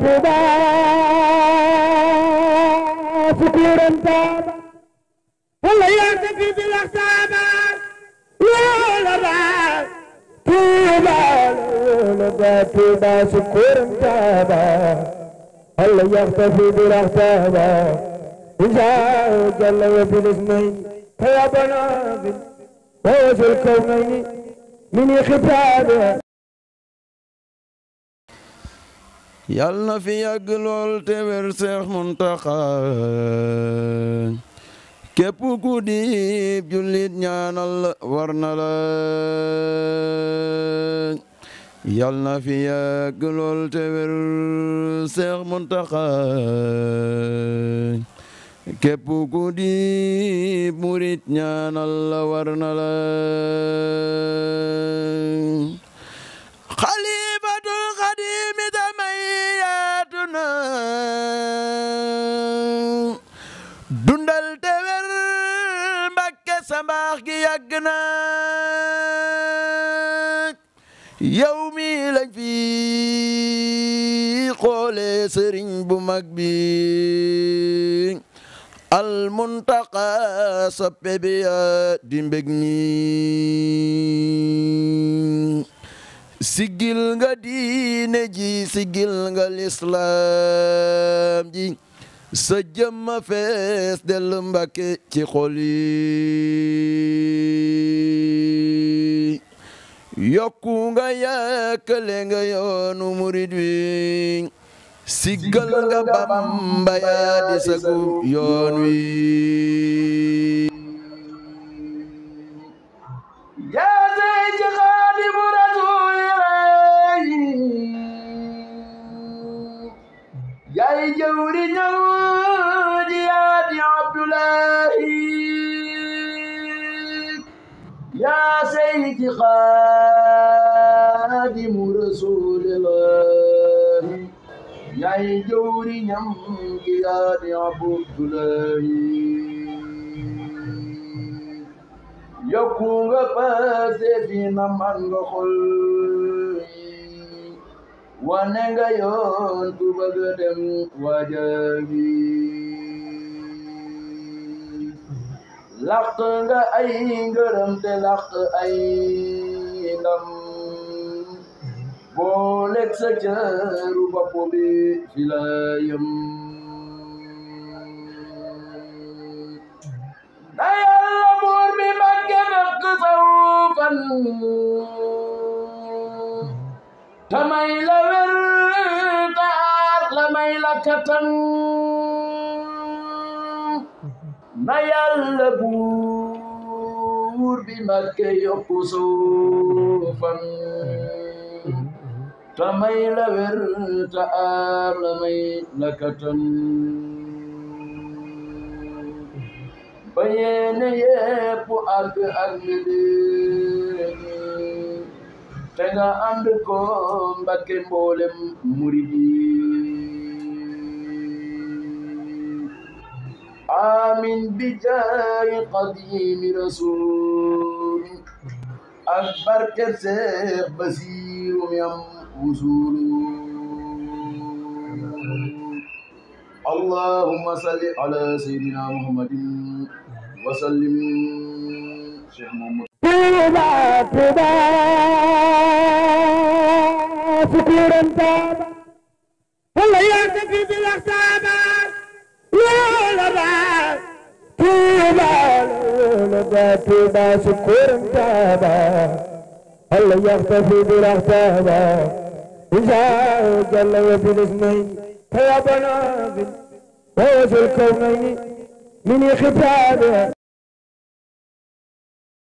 تبا فكورا تابا ولا يرتفي بالاحساب لولا راس تبا لولا تبا سكورا تابا هلا يختفي بالاحساب وجاء جل وبالاسمين فيا بنادم ووجه الكونين من خطابه yal na fi yàgg lool te wér Seex Muntaxa képp ku diib jullit ñaanal war na la yal na fi yàgg lool la war la sa mbaax gi yàgg na yow mi lañ fi xoolee sëriñ bu mag bi almuntaqa soppe bi di mbég mi sigil nga diine ji sigil nga lislaam ji sa jëmma fees dellu Mbàkke ci xol yi yokku nga yàkkale nga yoonu murid wi siggal nga Bàmba yaa di yoon wi xaadim rasulillah yaay jëwri ñam gi yaa di abdullahi làq ay ngërëm te làq ay ndam boo sa cëru bopp bi la yem na yàlla buur bi màgge nak saw fan tamay la wér taat na yàlla buur bi màkke yokku suufam ta la wér aar la may la katan ba yéene yépp te nga ànd ko mbakke mboolem murid عام بجاه قديم رسول أكبر كسيخ بصير يم وصول اللهم صل على سيدنا محمد وسلم شيخ محمد شكرا تابا والله يا سيدي الاحسابات لولبا توبا لولبا توبا سكور تابا هل يختفي بلا اختابا إذا جل وفي الاسمين فيا بنازل ووجه الكونين من خطابه